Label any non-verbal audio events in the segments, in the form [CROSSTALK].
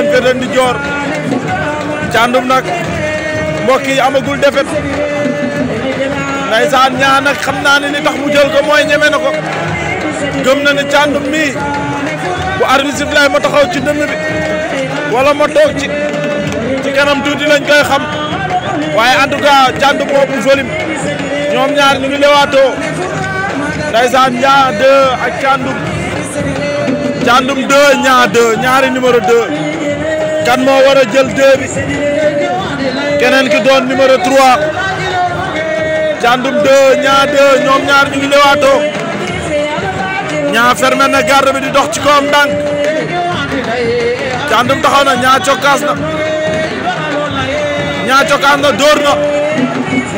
leen féete ndi joor yi amagul defet ndaysaan ñaa nag xam naa ne li tax mu ko mooy ñeme na ko gëm na ne bu arbitre sifflé ma ci dënn bi wala ci ci kanam tuuti koy xam waaye en tout boobu volume ñoom ñaar ñu ngi ndaysaan ñaa 2 ak Thiandoum Thiandoum 2 ñaa 2 ñaari numéro 2 kan moo war a jël deux bi keneen ki doon numéro 3 Thiandoum 2 Niang 2 ñoom ñaar ñu ngi lewaatoo Niang fermé na garde bi di dox ci kawam ndànk Thiandoum taxaw na Niang cokkaas na Niang cokkaas na dóor na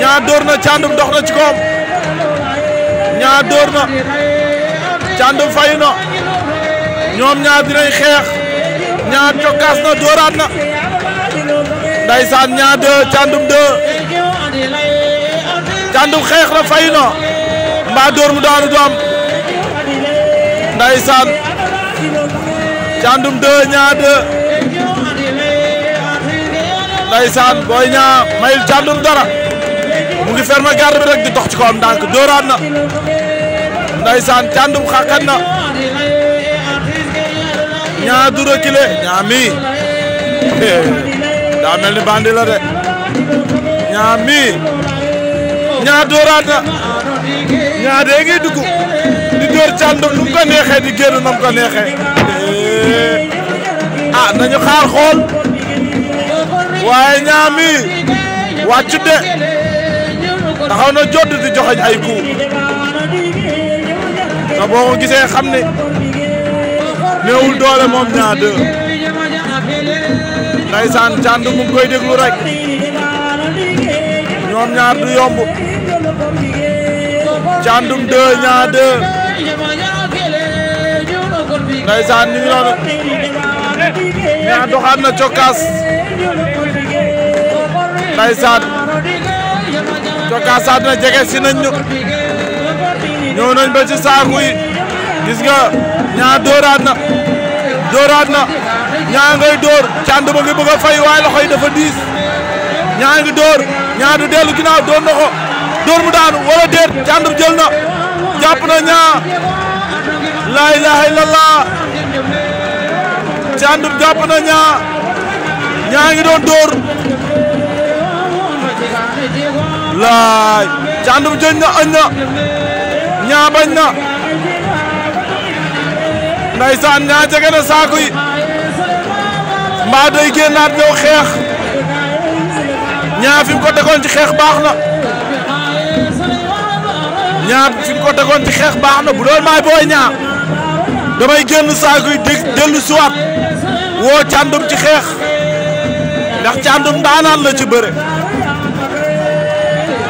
Niang dóor na Thiandoum dox na ci kawam Niang dóor na Thiandoum fayu na ñoom ñaar dinañ xeex ñaar cokkaas na dooraat na ndaysaan ñaar de candum de candum xeex na fay mbaa door mu daanu du am ndaysaan candum de ñaar de ndaysaan booy ñaa mayul candum dara mu ngi fermer garde bi rek di dox ci kawam ndànk dooraat na ndaysaan candum xàqat na ñaa du reculer ñaa mi daa mel ni bandi de ñaa mi ñaa dooraat na ñaa dee ngi dugg di door càndum nu di génn na mu ko neexee ah nañu xaar xool waaye ñaa mi wàccu de taxaw na jodd di joxe ay coup te boo ko xam ne néewul doole moom ñaar deux ndaysaan cànd mu ngi koy déglu rek ñoom ñaar du yomb càndum deux ñaar deux ndaysaan ñu noonu ñaar doxaat na cokkaas ndaysaan cokkaasaat na jege si ñu nañ ba ci saaku yi gis nga ñaa dóoraat na dóoraat na ñaa ngay dóor cànd ba ngi bëgg a fay waaye loxo yi dafa diis ñaa ngi dóor ñaa du dellu ginnaaw doon na ko mu daanu wala déet cànd jël na jàpp na ñaa laa ilaaha illallah cànd jàpp na ñaa ñaa bañ na ndaysaan ñaa jege na saako yi mbaa day génnaat ñëw xeex ñaa fi mu ko tegoon ci xeex baax na ñaa fi mu ko tegoon ci xeex baax na bu doon maay booy ñaa damay génn saako yi dé dellu siwaat woo càndum ci xeex ndax càndum ndaanaan la ci bëre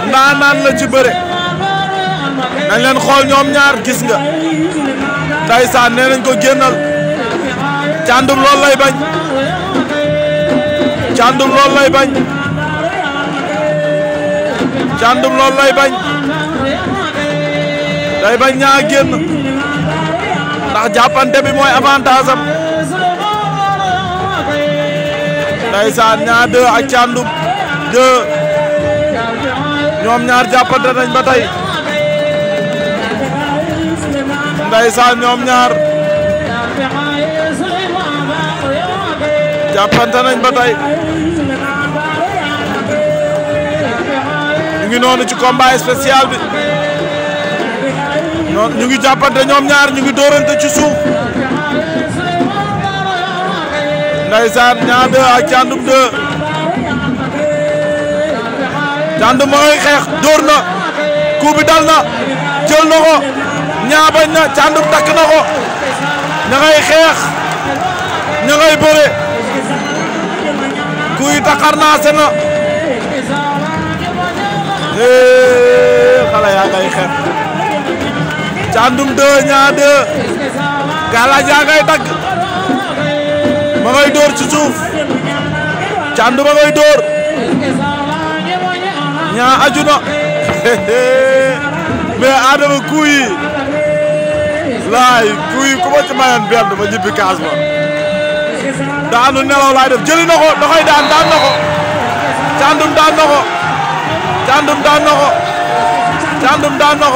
ndaanaan la ci bëre nañ leen xool ñoom ñaar gis nga ndeysaan nee nañ ko génnal càndum lool lay bañ càndum lool lool lay bañ day bañ ñaa génn ndax jàppante bi mooy avantage am ndeysaan ñaa deux ak càndum deux ñoom ñaar jàppante nañ ba tey ndeysaan ñoom ñaar jàppante nañ ngi noonu ci combat spécial bi noonu ñu ngi jàppante ñoom ñaar ñu ngi dóorante ci suuf ndeysaan Niang 2 ak Thiandoum 2 Thiandoum ma ngay xeex dóor na coup bi na jël ñaa bañ na càndum takk na ko ña ngay xeex ña ngay bëre kuy taxar naa se na xale yaa ngay xeex càndum deux ñaa deux galaaj yaa ngay dagg ma ngay dóor ci suuf ma ngay dóor ñaa aju na [LAUGHS] mais Adama kuy laay kuy ku ma ci mayoon benn ma kaas ma daanu nelaw laay def jëli na ko daan daan na ko càndum daan na ko càndum daan na ko càndum daan na